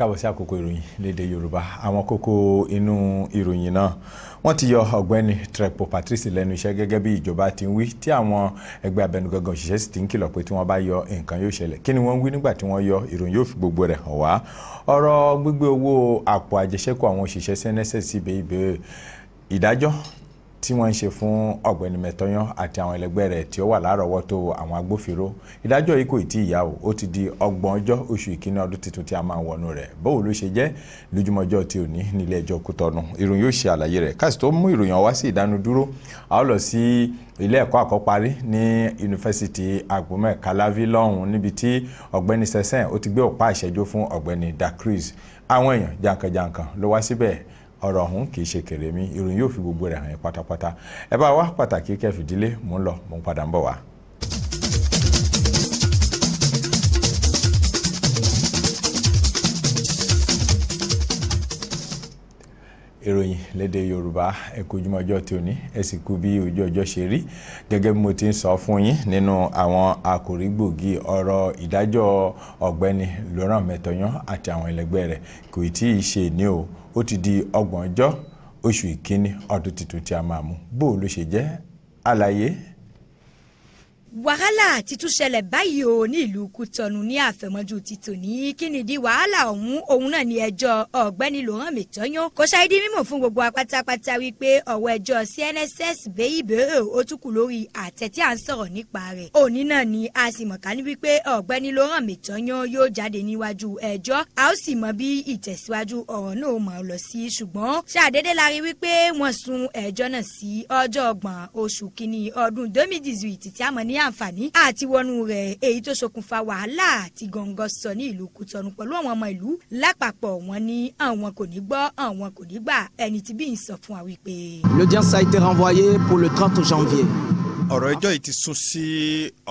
káàbọ̀ sí àkókò ìròyìn lédè yorùbá àwọn kókó inú ìròyìn náà wọ́n ti yọ ọ̀gbẹ́ni trepo patrice lẹ́nu iṣẹ́ gẹ́gẹ́ bí ìjọba ti ń wí tí àwọn ẹgbẹ́ abẹnugangan òṣìṣẹ́ sì ti ń kìlọ̀ pé tí wọ́n bá yọ nǹkan yóò ṣẹlẹ̀ kí ni wọ́n ń wí nígbà tí wọ́n yọ ìròyìn yóò fi gbogbo rẹ̀ hàn wá ọ̀rọ̀ gbígbé owó àpò àjẹṣẹ́kù àwọn òṣìṣẹ́ sẹ́nẹ́sẹ̀ síbi ìdájọ́ tí wọ́n ń ṣe fún ọ̀gbẹ́ni mẹ́tọ́yán àti àwọn ẹlẹgbẹ́ rẹ̀ tí ó wà lárọ̀ọ́wọ́tó àwọn agbófinró ìdájọ́ yìí kò tí ì yá o ó ti di ọgbọ̀n ọjọ́ oṣù ìkíní ọdún tuntun tí a máa wọnú rẹ̀ báwo ló ṣe jẹ́ lójúmọ́jọ́ tí ò ní nílé ẹjọ́ kútọ́nù ìròyìn yóò ṣe àlàyé rẹ̀ káàsì tó mú ìròyìn wá sí ìdánudúró a ó lọ sí ilé ẹ̀kọ́ àkọ́parí ní yunifásitì agbomẹ kalavi lọ́hùn níbi tí ọ̀gbẹ́ni sẹ́sẹ́n ó ti gbé ọ̀pá ìṣẹ́jú fún ọ̀gbẹ́ni da àwọn èèyàn jàǹkànjàǹkàn ló wá síbẹ̀ ọ̀rọ̀ ọ̀hún kì í ṣe kèrè mi ìròyìn yóò fi gbogbo rẹ̀ hàn yín pátápátá ẹ bá wa pàtàkì kẹfìdílé mò ń lọ mò ń padà ń bọ̀ wá. ìròyìn lédè yorùbá ẹ kú ojúmọ́ tí ò ní ẹ sì kú bí ojú ọjọ́ ṣe rí gẹ́gẹ́ bí mo ti ń sọ fún yín nínú àwọn àkòrí gbòógì ọ̀rọ̀ ìdájọ́ ọ̀gbẹ́ni Laurent Mẹ́tọ̀yán àti àwọn ẹlẹgbẹ́ rẹ̀ kò tí ì ṣe ní o ó ti di ọgbọ̀njọ́ oṣù ìkíní ọdún tuntun tí a máa mú bó o ló ṣe jẹ́ àlàyé wàhálà ti tún ṣẹlẹ̀ báyìí o ní ìlú Kútọ́nù ní àfẹ̀mọ́jú títò ní kínìdí wàhálà ọ̀hún òun náà ní ẹjọ́ ọ̀gbẹ́ni Lòhánmi Tóyàn kò ṣàì di mímọ̀ fún gbogbo apátápátá wípé ọ̀wọ́ ẹjọ́ CNSS béèbéèrè ó tún kù lórí àtẹ tí à ń sọ̀rọ̀ nípa rẹ̀ òní náà ni a sì mọ̀ ká ní wípé ọ̀gbẹ́ni Lòhánmi Tóyàn yóò jáde níwájú ẹjọ́ a ó sì mọ bí ìtẹ̀síwájú ọ̀rọ̀ náà mọ̀ lọ sí 2018 tí àǹfààní àti wọnú rẹ̀ èyí tó ṣokùnfà wàhálà àti gọ̀ǹgọ̀ sọ ní ìlú Kútọ́nù pẹ̀lú àwọn ọmọ ìlú lápapọ̀ wọn ní àwọn kò ní gbọ́ àwọn kò ní gbà ẹni tí bí ń sọ fún wa wípé. L'audience a été renvoyée pour le 30 janvier. Mm-hmm. ọ̀rọ̀ ẹjọ́ yìí ti sún sí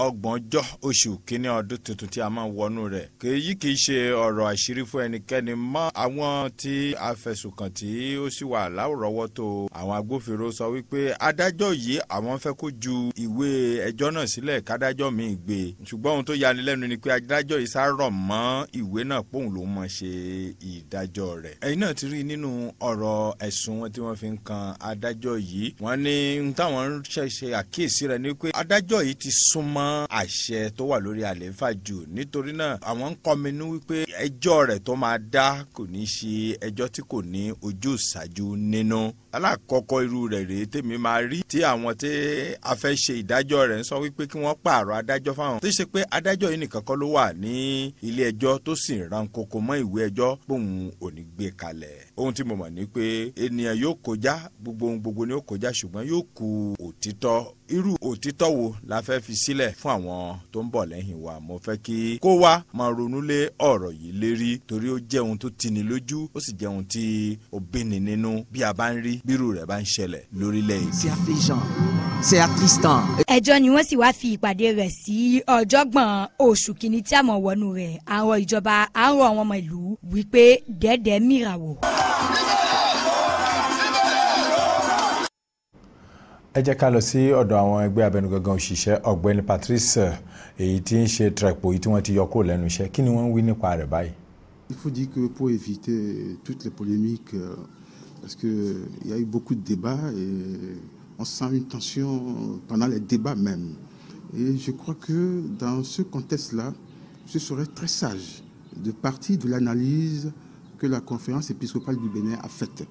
ọgbọ̀njọ́ oṣù kínní ọdún tuntun tí a máa ń wọnú rẹ̀ èyí kì í ṣe ọ̀rọ̀ àṣírí fún ẹnikẹ́ni mọ́ àwọn tí afẹ̀sùnkàn tí ó sì wà láwùrọ́wọ́tò àwọn agbófinró sọ wípé adájọ́ yìí àwọn fẹ́ kó ju ìwé ẹjọ́ náà sílẹ̀ kádájọ́ míì gbé ṣùgbọ́n ohun tó yani lẹ́nu ni pé adájọ́ yìí sá mọ́ ìwé náà póun ló mọ̀ ṣe ìdájọ́ rẹ̀ ẹ̀yin náà ti rí rẹ̀ ni pé adájọ́ yìí ti súnmọ́ àṣẹ tó wà lórí àlééfà jù nítorí náà àwọn ń kọminú wípé ẹjọ́ rẹ̀ tó máa dá kò ní ṣe ẹjọ́ tí kò ní ojú ìṣáájú nínú alákọ̀ọ́kọ́ irú rẹ̀ rèé tèmi máa rí tí àwọn tí a fẹ́ ṣe ìdájọ́ rẹ̀ ń sọ wípé kí wọ́n pààrọ̀ adájọ́ fáwọn tó ṣe pé adájọ́ yìí nìkan kọ́ ló wà ní ilé ẹjọ́ tó sì ránkoko mọ́ ìwé ẹjọ́ bóun ò ní gbé kalẹ̀ ohun tí mo mọ̀ ni pé ènìyàn yóò kọjá gbogbo ohun gbogbo ni ó kọjá ṣùgbọ́n yóò ku òtítọ́ irú òtítọ́ wo la fẹ́ fi sílẹ̀ fún àwọn tó ń bọ̀ lẹ́yìn wa mo fẹ́ kí kó wa máa ronú lé ọ̀rọ̀ yìí lérí torí ó jẹ́ ohun tó tini lójú ó sì jẹ́ ohun tí ó bíni nínú bí a bá ń rí bírù rẹ̀ bá ń ṣẹlẹ̀ lórílẹ̀ yìí. ẹjọ́ ni wọ́n sì wáá fi ìpàdé rẹ̀ sí ọjọ́gbọ̀n oṣù kìíní tí a mọ̀ wọnú rẹ̀ àwọn ìjọba àwọn àwọn ọmọ ìlú wípé dẹ́dẹ́ mìràwọ̀. ẹ jẹ́ ká lọ sí ọ̀dọ̀ àwọn ẹgbẹ́ abẹnugangan òṣìṣẹ́ ọ̀gbẹ́ni Patrice èyí tí ń ṣe trepo èyí tí wọ́n ti yọ kúrò lẹ́nu iṣẹ́ kí ni wọ́n ń wí nípa rẹ̀ báyìí. Il faut dire que pour éviter toutes les polémiques euh, parce qu'il y a eu beaucoup de débats et on sent une tension pendant les débats même. Et je crois que dans ce contexte-là, je serais très sage de partir de l'analyse que la conférence épiscopale du Bénin a faite.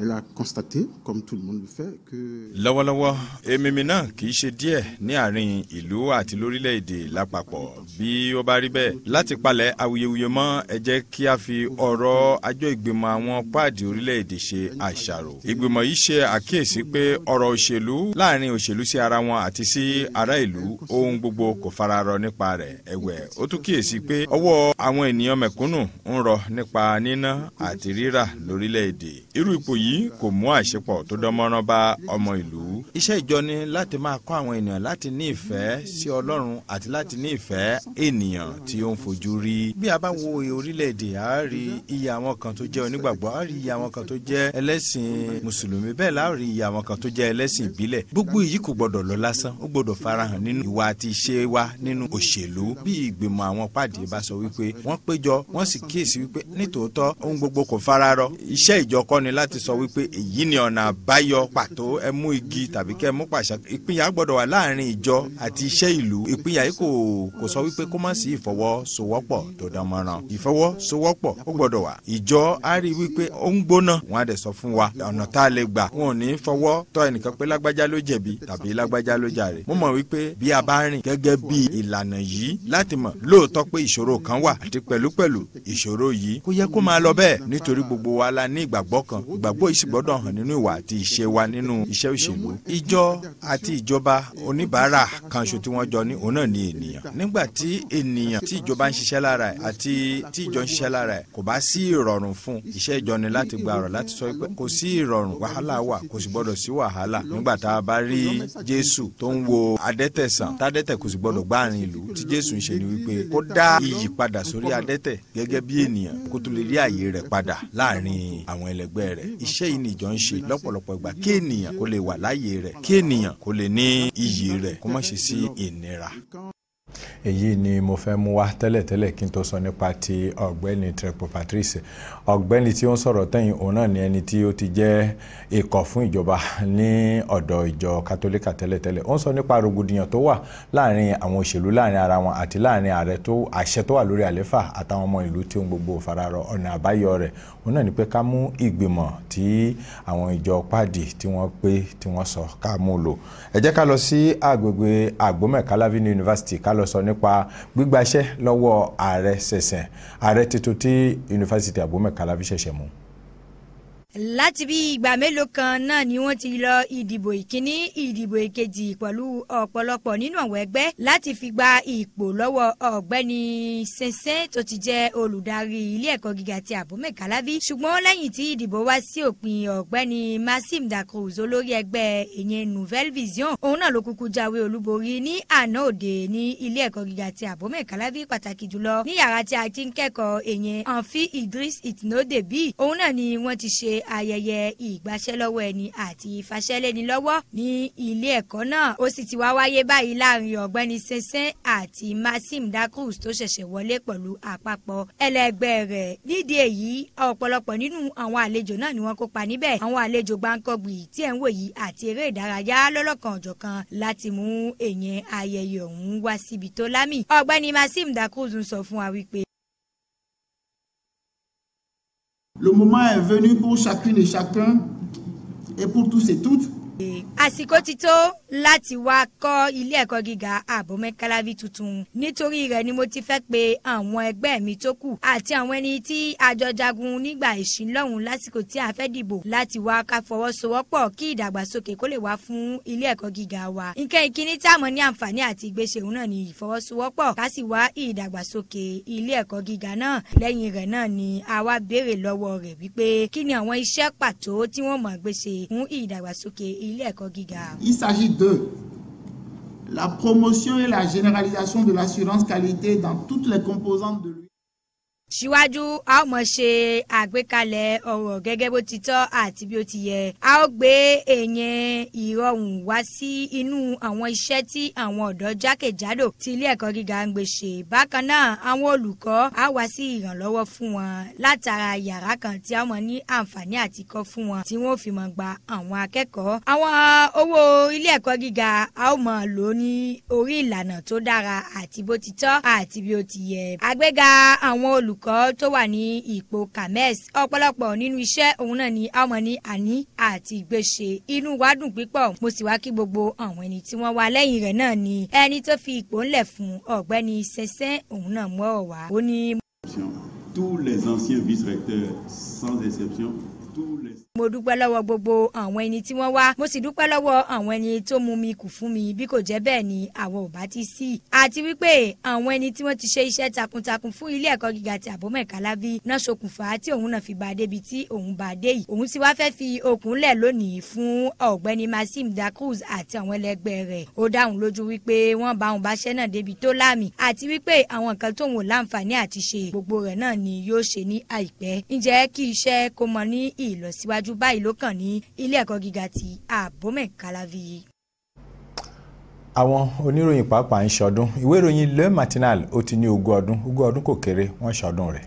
Elle a constaté, comme tout le monde le fait, que. lọ́wọ́lọ́wọ́ emimi náà kì í ṣe díẹ̀ ní àárín ìlú àti lórílẹ̀‐èdè lápapọ̀ bí ó bá rí bẹ́ẹ̀ láti palẹ̀ awuyewuye mọ́ ẹ jẹ́ kí a fi ọ̀rọ̀ àjọ ìgbìmọ̀ àwọn páàdì orílẹ̀‐èdè ṣe àṣàrò ìgbìmọ̀ yìí ṣe àkíyèsí pé ọ̀rọ̀ òṣèlú láàárín òṣèlú sí ara wọn àti sí ará ìlú ohun gbogbo kò fararọ nípa rẹ̀ ẹ̀wẹ̀ ó tún kíyèsí pé ọwọ́ àwọn ènìyàn mẹ̀kúnnù ń rọ nípa níná àti rírà lórílẹ̀‐èdè irú ipò y yìí kò mú àṣepọ̀ tó dánmọ́rán bá ọmọ ìlú. iṣẹ́ ìjọ ni láti máa kọ́ àwọn ènìyàn láti ní ìfẹ́ sí ọlọ́run àti láti ní ìfẹ́ ènìyàn tí ó ń fojú rí. bí a bá wo orílẹ̀-èdè a rí iye àwọn kan tó jẹ́ onígbàgbọ́ a rí iye àwọn kan tó jẹ́ ẹlẹ́sìn mùsùlùmí bẹ́ẹ̀ la rí iye àwọn kan tó jẹ́ ẹlẹ́sìn ìbílẹ̀. gbogbo èyí kò gbọdọ̀ lọ lásán ó gbọdọ̀ farahàn nínú ìwà àti ìṣe wa nínú òṣèlú bí ìgbìmọ̀ àwọn pàdé bá sọ wípé wọ́n péjọ wọ́n sì kíyèsí wípé nítòótọ́ ohun gbogbo kò fararọ iṣẹ́ ìjọ láti sọ sọ wípé èyí ni ọ̀nà àbáyọ pàtó ẹ mú igi tàbí kẹ́ ẹ mú pàṣà ìpínyà gbọ́dọ̀ wà láàrin ìjọ àti iṣẹ́ ìlú ìpínyà yìí kò kò sọ wípé kó má sí ìfọwọ́sowọ́pọ̀ tó dánmọ́ràn ìfọwọ́sowọ́pọ̀ ó gbọ́dọ̀ wà ìjọ á rí wípé ó ń gbóná wọn á dẹ̀ sọ fún wa ọ̀nà tá a lè gbà wọn ò ní fọwọ́ tọ́ ẹnìkan pé lágbájá ló jẹ̀bi tàbí lágbájá ló jàre mo mọ̀ wípé bí a bá rìn gẹ́gẹ́ bí ìlànà yìí láti mọ̀ lóòótọ́ pé ìṣòro kan wà àti pẹ̀lúpẹ̀lú ìṣòro yìí kò yẹ kó máa lọ bẹ́ẹ̀ nítorí gbogbo wa la ní ìgbàgbọ́ kan ìgbàgb òpó yìí sì gbọ́dọ̀ hàn nínú ìwà àti ìṣe wa nínú iṣẹ́ òṣèlú. ìjọ àti ìjọba oníbàárà kan tí wọ́n jọ ní òun náà ni ènìyàn. nígbà tí ènìyàn tí ìjọba ń ṣiṣẹ́ lára ẹ̀ àti tí ìjọ ń ṣiṣẹ́ lára ẹ̀ kò bá sí ìrọ̀rùn fún iṣẹ́ ìjọ ni láti gba ọ̀rọ̀ láti sọ pé kò sí ìrọ̀rùn wàhálà wà kò sì gbọ́dọ̀ sí wàhálà nígbà tá a bá rí Jésù tó ń wo adẹ́tẹ̀ sàn tádẹ́tẹ̀ kò sì gbọ́dọ̀ gbáàrin ìlú tí Jésù ń ṣe ni wípé kó dá iyì padà sórí adẹ́tẹ̀ gẹ́gẹ́ bí ènìyàn kó tó lè rí àyè rẹ̀ padà láàrin àwọn ẹlẹgbẹ́ rẹ̀ iṣẹ́ yìí nìjọ ń ṣe lọ́pọ̀lọpọ̀ ìgbà kí ènìyàn kó lè wà láàyè rẹ̀ kí ènìyàn kó lè ní iyì rẹ̀ kó má ṣe sí ìnira èyí ni mo fẹ́ mú wá tẹ́lẹ̀tẹ́lẹ̀ kí n tó sọ nípa ti ọ̀gbẹ́ni trepo patrice ọ̀gbẹ́ni tí ó ń sọ̀rọ̀ tẹ̀yìn òun náà ni ẹni tí ó ti jẹ́ ikọ̀ fún ìjọba ní ọ̀dọ̀ ìjọ katolika tẹ́lẹ̀tẹ́lẹ̀ ó ń sọ nípa rògbòdìyàn tó wà láàrin àwọn òṣèlú láàrin ara wọn àti láàrin ààrẹ tó àṣẹ tó wà lórí àléfà àtàwọn ọmọ ìlú tí ohun gbogbo fararọ ọ̀nà àbáyọ rẹ̀ òun náà ni pé ká mú ìgbìmọ̀ tí àwọn ìjọ pàdé tí wọ́n pé tí wọ́n sọ ká mú lò ẹ jẹ́ ká lọ sí àgbègbè àgbọ́mẹ̀ká Láfínì yunifásitì ká lọ sọ nípa gbígbaṣẹ́ lọ́wọ́ ààrẹ ṣẹ̀ṣẹ̀ ààrẹ tuntun tí yunifásitì àgbọ́mẹ̀ká Láfínì ṣẹ̀ṣẹ̀ mú láti bí ìgbà mélòó kan náà ni wọ́n ti lọ ìdìbò ìkíní ìdìbò ìkejì pẹ̀lú ọ̀pọ̀lọpọ̀ nínú àwọn ẹgbẹ́ láti fi gba ipò lọ́wọ́ ọ̀gbẹ́ni sẹ́nsẹ́ tó ti jẹ́ olùdarí ilé ẹ̀kọ́ gíga ti Abome Kalavi ṣùgbọ́n lẹ́yìn tí ìdìbò wá sí òpin ọ̀gbẹ́ni Massim Dakrouz olórí ẹgbẹ́ ìyẹn Nouvelle Vision òun náà ló kúkú jáwé olúborí ní àná òde ní ilé ẹ̀kọ́ gíga ti Abome Kalavi pàtàkì jùlọ ní yàrá tí a ti Amphi Idris Itinodebi òun náà ni wọ́n ti ayẹyẹ ìgbaṣẹ́lọ́wọ́ ẹni àti ìfaṣẹ́lẹ́nilọ́wọ́ ní ilé ẹ̀kọ́ náà ó sì ti wá wáyé báyìí láàrin ọ̀gbẹ́ni sẹ́sẹ́n àti Maxim Dacruz tó ṣẹ̀ṣẹ̀ wọlé pẹ̀lú àpapọ̀ ẹlẹgbẹ́ rẹ̀ nídìí èyí ọ̀pọ̀lọpọ̀ nínú àwọn àlejò náà ni wọ́n kópa níbẹ̀ àwọn àlejò gbáǹkọ́gbì tí ẹ̀ ń wò yìí àti eré ìdárayá lọ́lọ́kan ọ̀jọ̀kan láti mú èèyàn ayẹyẹ ọ̀hún wá síbi tó lámì ọ̀gbẹ́ni Maxim Dacruz ń sọ fún wa wípé Le moment est venu pour chacune et chacun et pour tous et toutes àsìkò ti tó láti wá kọ́ ilé ẹ̀kọ́ gíga àbọ̀mẹ́kálábí tuntun nítorí rẹ̀ ni mo ti fẹ́ pe àwọn ẹgbẹ́ mi tó kù àti àwọn ẹni tí àjọ jagun nígbà ìṣínlọ́hùn lásìkò tí a fẹ́ dìbò láti wá ká fọwọ́sowọ́pọ̀ kí ìdàgbàsókè kó lè wá fún ilé ẹ̀kọ́ gíga wa nǹkan ìkíní tí a mọ̀ ní àǹfààní àti ìgbésẹ̀ òun náà ni ìfọwọ́sowọ́pọ̀ ká sì wá ìdàgbàsókè ilé ẹ̀kọ́ gíga náà lẹ́yìn rẹ̀ náà ni a wá béèrè lọ́wọ́ rẹ̀ wípé kí ni àwọn iṣẹ́ pàtó tí wọ́n mọ̀ gbèsè fún ìdàgbàsókè ilé Il s'agit de La promotion et la généralisation de l'assurance qualité dans toutes les composantes de l'Union. E síwájú a ó mọ̀ ṣe àgbékalẹ̀ ọ̀rọ̀ gẹ́gẹ́ bó ti tọ́ àti bí ó ti yẹ a ó gbé èèyàn ìrọ̀rùn wá sí inú àwọn iṣẹ́ tí àwọn ọ̀dọ́ jákèjádò ti ilé ẹ̀kọ́ gíga ń gbé ṣe bákan náà àwọn olùkọ́ á wá sí ìrànlọ́wọ́ fún wọn látara yàrá kan tí a mọ̀ ní àǹfààní àti kọ́ fún wọn tí wọ́n fi mọ̀ gba àwọn akẹ́kọ̀ọ́ àwọn owó ilé ẹ̀kọ́ gíga a ó mọ̀ lò ní orí ìlànà tó dára àti bó ti tọ́ àti bí ó ti yẹ àgbéga àwọn olùk olùkọ́ tó wà ní ipò kames ọ̀pọ̀lọpọ̀ nínú iṣẹ́ òun náà ni ọmọ ní àní àti gbèsè inú wa dùn pípọ̀ mo sì wá kí gbogbo àwọn ẹni tí wọ́n wá lẹ́yìn rẹ̀ náà ni ẹni tó fi ipò ńlẹ̀ fún ọ̀gbẹ́ni sẹ́sẹ́ òun náà mú ọ̀wá ó tous les anciens vice-recteurs sans exception mo dúpẹ́ lọ́wọ́ gbogbo àwọn ẹni tí wọ́n wá mo sì dúpẹ́ lọ́wọ́ àwọn ẹni tó mú mi kù fún mi bí kò jẹ́ bẹ́ẹ̀ ni àwọn ò bá ti sí i. àti wípé àwọn ẹni tí wọ́n ti ṣe iṣẹ́ takuntakun fún ilé ẹ̀kọ́ gíga ti àbọ̀mọ̀kálábí náà ṣokùnfà tí òun náà fi bá a débi tí òun bá a dé yìí. òun sì wá fẹ́ fi okùn lẹ̀ lónìí fún ọ̀gbẹ́ni Masim Da àti àwọn ẹlẹgbẹ́ rẹ̀. ó dá lójú wípé wọ́n bá òun báṣẹ́ náà débi tó láàmì àti wípé àwọn nǹkan tóun ò láǹfààní àti ṣe gbogbo rẹ̀ náà ni yóò ṣe ní àìpẹ́. ǹjẹ́ kí iṣẹ́ kó mọ ní ìlọsíwájú ṣáájú báyìí ló kàn ní ilé ẹ̀kọ́ gíga ti Abome Kalavi àwọn oníròyìn pàápàá ń ṣọdún ìwé ìròyìn Le Matinal ó ti ní ogún ọdún ogún ọdún kò kéré wọ́n ṣọdún rẹ̀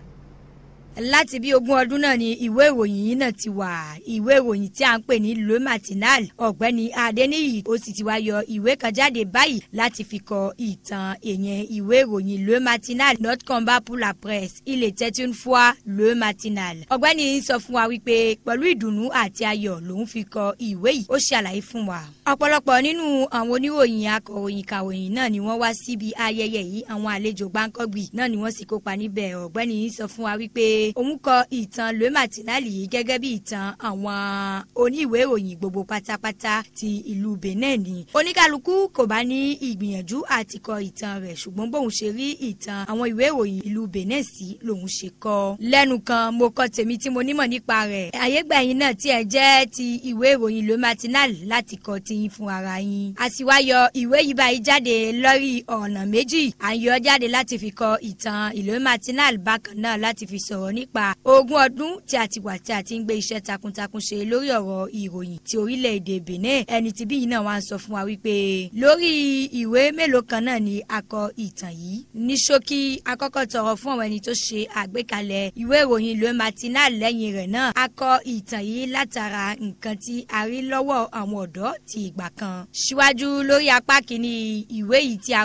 láti bí ogún ọdún náà ni ìwé ìròyìn yìí náà ti wà ìwé ìròyìn tí a ń pè ní le matinal ọ̀gbẹ́ni adeniyi ó sì ti wá yọ ìwé kan jáde báyìí láti fi kọ ìtàn èèyàn ìwé ìròyìn le matinal not combat pour la presse il est une fois le matinal ọ̀gbẹ́ni sọ fún wa wípé pẹ̀lú ìdùnnú àti ayọ̀ lòun fi kọ ìwé yìí ó ṣàlàyé fún wa ọ̀pọ̀lọpọ̀ nínú àwọn oníròyìn akọ̀ròyìn kàròyìn náà ni wọ́n wá síbi ayẹyẹ yìí àwọn àlejò gbáǹkọ́gbì náà ni wọ́n sì kópa níbẹ̀ ọ̀gbẹ́ni sọ fún wa wípé òun kọ ìtàn le matinal yìí gẹ́gẹ́ bí ìtàn àwọn oníwèé ìròyìn gbogbo pátápátá ti ìlú Benin ni oníkálukú kò bá ní ìgbìyànjú àti kọ ìtàn rẹ̀ ṣùgbọ́n bóun ṣe rí ìtàn àwọn ìwé ìròyìn ìlú Benin sí lòun ṣe kọ lẹ́nu kan mo kọ tèmi tí mo nímọ̀ nípa rẹ̀ àyégbà yín náà tí jẹ́ ti ìwé ìròyìn le matinal láti kọ tiyín fún ara yín àṣìwáyọ ìwé yìí báyìí jáde lórí ọ̀nà méjì à ń yọ jáde láti fi kọ ìtàn ìlú matinal bákan náà láti fi sọ̀rọ̀ nípa ogún ọdún tí a ti wà tí a ti ń gbé iṣẹ́ takuntakun ṣe lórí ọ̀rọ̀ ìròyìn ti orílẹ̀-èdè Benin ẹni tí bí náà wá ń sọ fún wa wípé lórí ìwé mélòó kan náà ni a ìtàn yìí ní ṣókí akọ́kọ́ tọrọ fún àwọn ẹni tó ṣe àgbékalẹ̀ ìwé ìròyìn Le Matinal lẹ́yìn rẹ̀ náà a ìtàn yìí látara nǹkan tí a rí lọ́wọ́ àwọn ọ̀dọ́ ti ìgbà kan síwájú lórí apá kìíní ìwé yìí tí a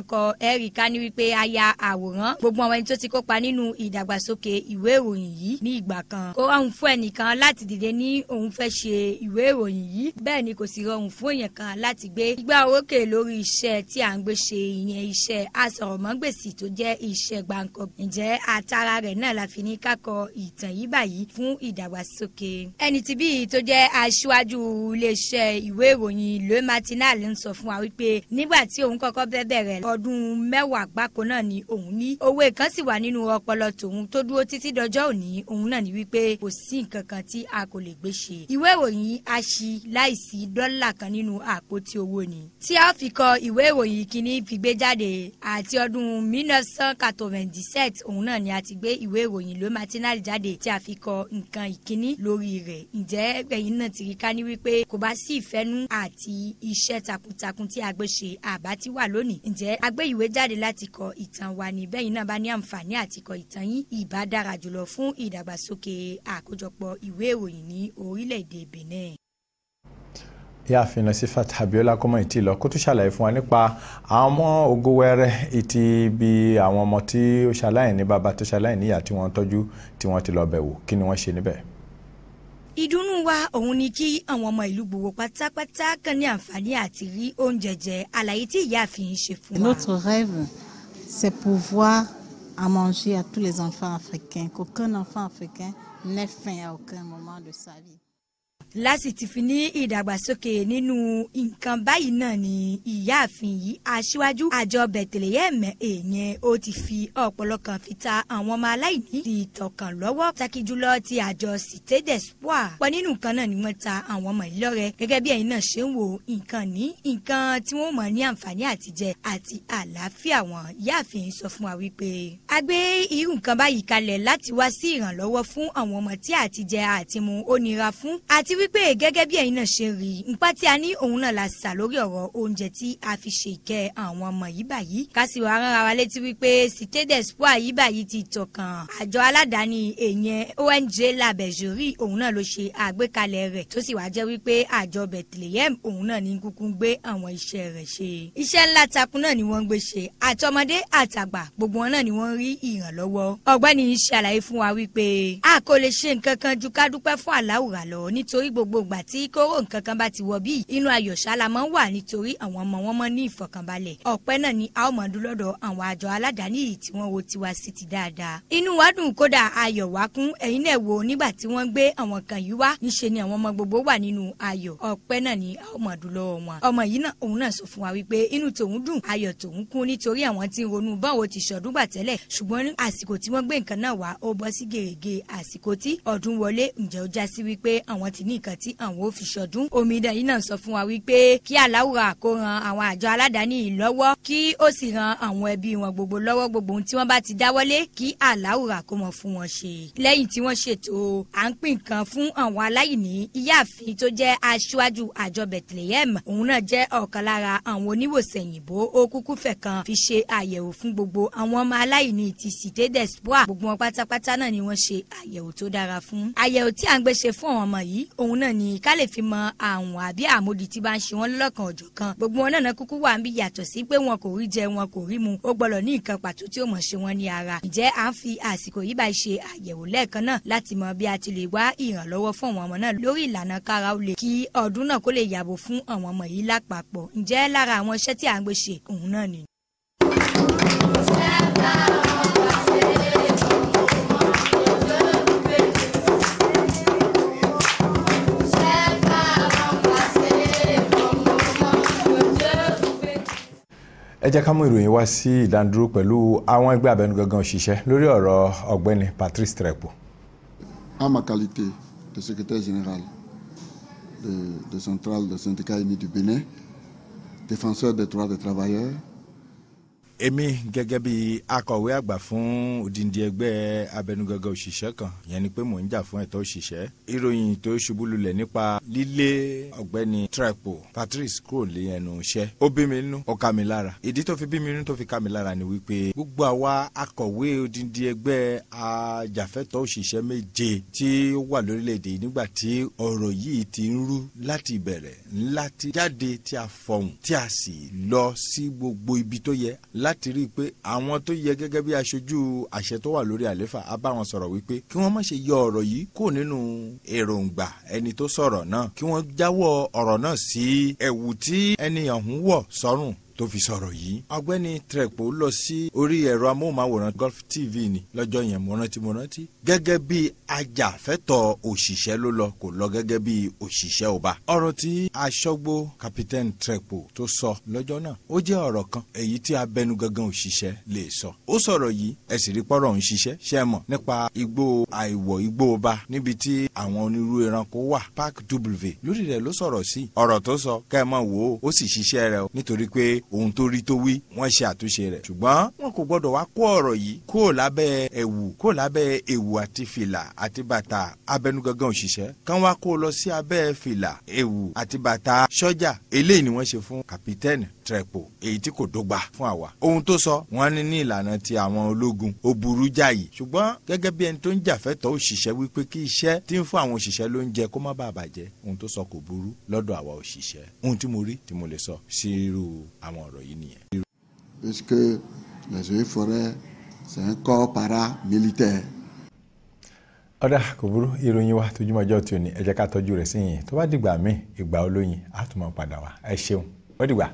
ẹ̀ríkà ní wípé a àwòrán gbogbo àwọn ẹni tó ti kópa nínú ìdàgbàsókè ìwé ìròyìn ìròyìn yìí ní ìgbà kan kò rọrùn fún ẹnìkan láti dìde ní òun fẹ́ ṣe ìwé ìròyìn yìí bẹ́ẹ̀ ni kò sì rọrùn fún èèyàn kan láti gbé igbá orókè lórí iṣẹ́ tí à ń gbé ṣe ìyẹn iṣẹ́ asọ̀rọ̀mọ́gbèsì tó jẹ́ iṣẹ́ gbàǹkọ́ ǹjẹ́ àtàrà rẹ̀ náà la fi ní kákọ ìtàn yìí báyìí fún ìdàgbàsókè ẹni tí bíi tó jẹ́ aṣíwájú iléeṣẹ́ ìwé ìròyìn Le Matinal ń sọ fún wa wípé nígbà tí òun kọ́kọ́ bẹ́ bẹ̀rẹ̀ ọdún mẹ́wàá gbáko náà ni òun ní òwe kan sì wà nínú ọpọlọ tòun tó dúró títí dọjọ́ òní òun náà ni wípé kò sí nǹkan kan tí a kò lè gbé ṣe ìwé ìròyìn aṣí láìsí dọ́là kan nínú àpótí owó ni tí a fi kọ ìwé ìròyìn kìíní fi gbé jáde àti ọdún 1997 òun náà ni a ti gbé ìwé ìròyìn Le Matinal jáde tí a fi kọ nǹkan ìkíní lórí rẹ̀ ǹjẹ́ ẹ̀yin náà ti rí ká ní wípé kò bá sí ìfẹ́nú àti iṣẹ́ takuntakun tí a gbé ṣe àbá ti wà lónìí ǹjẹ́ a gbé ìwé jáde láti kọ ìtàn wa fún ìdàgbàsókè àkójọpọ̀ ìwé ìròyìn ní orílẹ̀-èdè Benin yààfin Nasifat Abiola kọ́mọ ìtì lọ kó tún ṣàlàyé fún wa nípa àwọn ògo wẹrẹ ìtì bí àwọn ọmọ tí ó ṣaláìní bàbá tó ṣaláìní ìyá tí wọ́n ń tí wọ́n ti lọ bẹ̀ wò kí ni wọ́n ṣe níbẹ̀ ìdùnnú wa òun ni kí àwọn ọmọ ìlú gbogbo pátápátá kan ní àǹfààní àti rí oúnjẹ jẹ àlàyé tí ìyáàfin ṣe fún wa. notre rêve c'est pouvoir à manger à tous les enfants africains, qu'aucun enfant africain n'ait faim à aucun moment de sa vie. láti ti fi ní ìdàgbàsókè nínú nǹkan báyìí náà ni ìyáàfin yìí aṣíwájú àjọ bẹ̀tẹ̀lẹ́yẹ̀mẹ̀ èèyàn ó ti fi ọ̀pọ̀lọ́ kan fi ta àwọn ọmọ aláìní ti tọkàn lọ́wọ́ pàtàkì jùlọ ti àjọ Cité d'Espoir pọ̀ nínú nǹkan náà ni wọ́n ta àwọn ọmọ yìí lọ́rẹ gẹ́gẹ́ bí ẹ̀yin náà ṣe ń wo nǹkan ní nǹkan tí wọ́n mọ̀ ní àǹfààní àtijẹ àti àlàáfíà wọn ìyáàfin sọ fún wa wípé a gbé irú nǹkan báyìí kalẹ̀ àti wípé gẹ́gẹ́ bí ẹ̀yin náà ṣe rí nípa tí a ní òun náà la sà lórí ọ̀rọ̀ oúnjẹ tí a fi ṣe ìkẹ́ àwọn ọmọ yìí báyìí ká sì wá rárá wa létí wípé cité d'espoir yìí báyìí ti tọkàn àjọ aládàáni èèyàn ONG labẹ̀jọ́rì òun náà ló ṣe àgbékalẹ̀ rẹ̀ tó sì wá jẹ́ wípé àjọ Bethlehem òun náà ní kúkú gbé àwọn iṣẹ́ rẹ̀ ṣe iṣẹ́ ńlá takun náà ni wọ́n gbé ṣe àtọmọdé àtàgbà gbogbo wọn náà ni wọ́n rí ìrànlọ́wọ́ ọ̀gbẹ́ni ṣàlàyé fún wa wípé a kò lè ṣe nǹkan kan ju ká nítorí gbogbo ìgbà tí kóró nǹkan kan bá ti wọ bí inú ayọ̀ ṣálámọ́ wà nítorí àwọn ọmọ wọn mọ́ ní ìfọ̀kànbalẹ̀ ọpẹ́ náà ni a ó mọ̀ dún lọ́dọ̀ àwọn àjọ aládàáni yìí tí wọ́n wo tiwa sí ti dáadáa inú wa dùn kódà ayọ̀ wá kún ẹ̀yin náà wo nígbà tí wọ́n gbé àwọn kan yìí wá níṣe ni àwọn ọmọ gbogbo wà nínú ayọ̀ ọpẹ́ náà ni a ó mọ̀ dún lọ́wọ́ wọn ọmọ yìí náà òun wa wípé inú tòun dùn ayọ̀ tòun kún ní nǹkan tí àwọn ò fi ṣọdún omidan yìí náà sọ fún wa wípé kí aláwùrà kó ran àwọn àjọ aládàáni yìí lọ́wọ́ kí ó sì ran àwọn ẹbí wọn gbogbo lọ́wọ́ gbogbo ohun tí wọ́n bá ti dáwọ́lé kí aláwùrà kó mọ̀ fún wọn ṣe lẹ́yìn tí wọ́n ṣètò à ń pín nǹkan fún àwọn aláìní ìyáàfin tó jẹ́ aṣíwájú àjọ Bethlehem òun náà jẹ́ ọ̀kan lára àwọn oníwòsàn ó kúkú fẹ̀ ni wọ́n ṣe àyẹ̀wò tó dára fún àyẹ̀wò tí à ń gbé ṣe fún àwọn ọmọ yìí òun náà ni ká lè fi mọ àrùn àbí àmódi tí bá ń ṣe wọn lọ́kàn ọ̀jọ̀ kan gbogbo wọn náà kúkú wà ń bí yàtọ̀ sí pé wọn kò rí jẹ wọn kò rí mu ó gbọ́dọ̀ ní nǹkan pàtó tí ó mọ̀ ṣe wọn ní ara ǹjẹ́ à ń fi àsìkò yìí bá ṣe àyẹ̀wò lẹ́ẹ̀kan náà láti mọ bí a ti lè wá ìrànlọ́wọ́ fún àwọn ọmọ náà lórí ìlànà kára ó lè kí ọdún náà kó lè yàgò fún àwọn ọmọ yìí lápapọ̀ ǹjẹ́ lára àwọn iṣẹ́ tí à ń gbé ṣe òun náà ni. ẹ jẹ́ ká mú ìròyìn wá sí ìdádúró pẹ̀lú àwọn ẹgbẹ́ abẹnugangan òṣìṣẹ́ lórí ọ̀rọ̀ ọ̀gbẹ́ni Patrice Trekpo. À de secrétaire général de, de centrale de syndicat uni du Bénin, défenseur des droits des travailleurs èmi gẹ́gẹ́ bí akọ̀wé àgbà fún òdìndí ẹgbẹ́ abẹnugangan òṣìṣẹ́ kan yẹn ni pé mò ń jà fún ẹ̀tọ́ òṣìṣẹ́ ìròyìn tó ṣubú lulẹ̀ nípa lílé ọ̀gbẹ́ni trepo Patrice kúrò lé ẹnu iṣẹ́ ó bí mi nínú ó mi lára ìdí tó fi bí mi nínú tó fi ká mi lára ni wípé gbogbo àwa akọ̀wé òdìndí ẹgbẹ́ ajàfẹ́tọ̀ òṣìṣẹ́ méje tí ó wà lórílẹ̀ ti ń rú láti ìbẹ̀rẹ̀ láti jáde tí a fọhùn tí a sì lọ sí láti rí i pé àwọn tó yẹ gẹ́gẹ́ bí aṣojú àṣẹ tó wà lórí àléfà á bá wọn sọ̀rọ̀ wípé kí wọ́n má ṣe yọ ọ̀rọ̀ yìí kó nínú èròǹgbà ẹni tó sọ̀rọ̀ náà kí wọ́n jáwọ́ ọ̀rọ̀ náà sí ẹ̀wù tí ẹni ọ̀hún wọ̀ sọ́rùn tó fi sọ̀rọ̀ yìí. ọ̀gbẹ́ni trepo lọ sí orí ẹ̀rọ amóhùnmáwòrán Gulf TV ni lọ́jọ́ yẹn mo rántí mo rántí. gẹ́gẹ́ bí ajàfẹ́tọ̀ òṣìṣẹ́ ló lọ kò lọ gẹ́gẹ́ bí òṣìṣẹ́ ọba. ọ̀rọ̀ tí aṣọ́gbó Captain trepo tó sọ lọ́jọ́ náà ó jẹ́ ọ̀rọ̀ kan èyí tí abẹnu gangan òṣìṣẹ́ lè sọ. ó sọ̀rọ̀ yìí ẹ sì rí pọ́rọ̀ ń ṣiṣẹ́ ṣe mọ̀ nípa igbó àìwọ̀ igbó ọba níbi tí àwọn onírú ẹranko wà Park W lórí rẹ̀ ló sọ̀rọ̀ sí ọ̀rọ̀ tó sọ kẹ́ ẹ mọ̀ wò ó sì ṣiṣẹ́ rẹ̀ nítorí pé ohun tó rí tó wí wọ́n ṣe àtúnṣe rẹ̀ ṣùgbọ́n wọn kò gbọ́dọ̀ wá kó ọ̀rọ̀ yìí kó lábẹ́ ẹ̀wù kó lábẹ́ ẹ̀wù àti fìlà àti bàtà abẹnugangan òṣìṣẹ́ kán wá kó lọ sí abẹ́ fìlà ẹ̀wù àti bàtà sọ́jà eléyìí ni wọ́n ṣe fún kàpítẹ́nì trepo èyí tí kò dọ́gba fún àwa. ohun tó sọ wọ́n ní ní ìlànà ti àwọn ológun ó burú jáyì ṣùgbọ́n gẹ́gẹ́ bí ẹni tó ń jàfẹ́tọ̀ òṣìṣẹ́ wípé kí iṣẹ́ tí ń fún àwọn òṣìṣẹ́ ló ń jẹ kó má bàa bàjẹ́ ohun tó sọ kò burú lọ́dọ̀ àwa òṣìṣẹ́ ohun tí mo rí tí mo lè sọ sí irú àwọn àwọn ọ̀rọ̀ yìí nìyẹn. puisque les eaux et forêts c'est un corps paramilitaire. ọ̀dà kò burú ìròyìn wa tójúmọ́ ọjọ́ tí ò ní ẹ jẹ́ ká tọ́jú rẹ̀ síyìn tó bá dìgbà míì ìgbà olóyin á tún máa padà wá ẹ ṣeun ó dìgbà.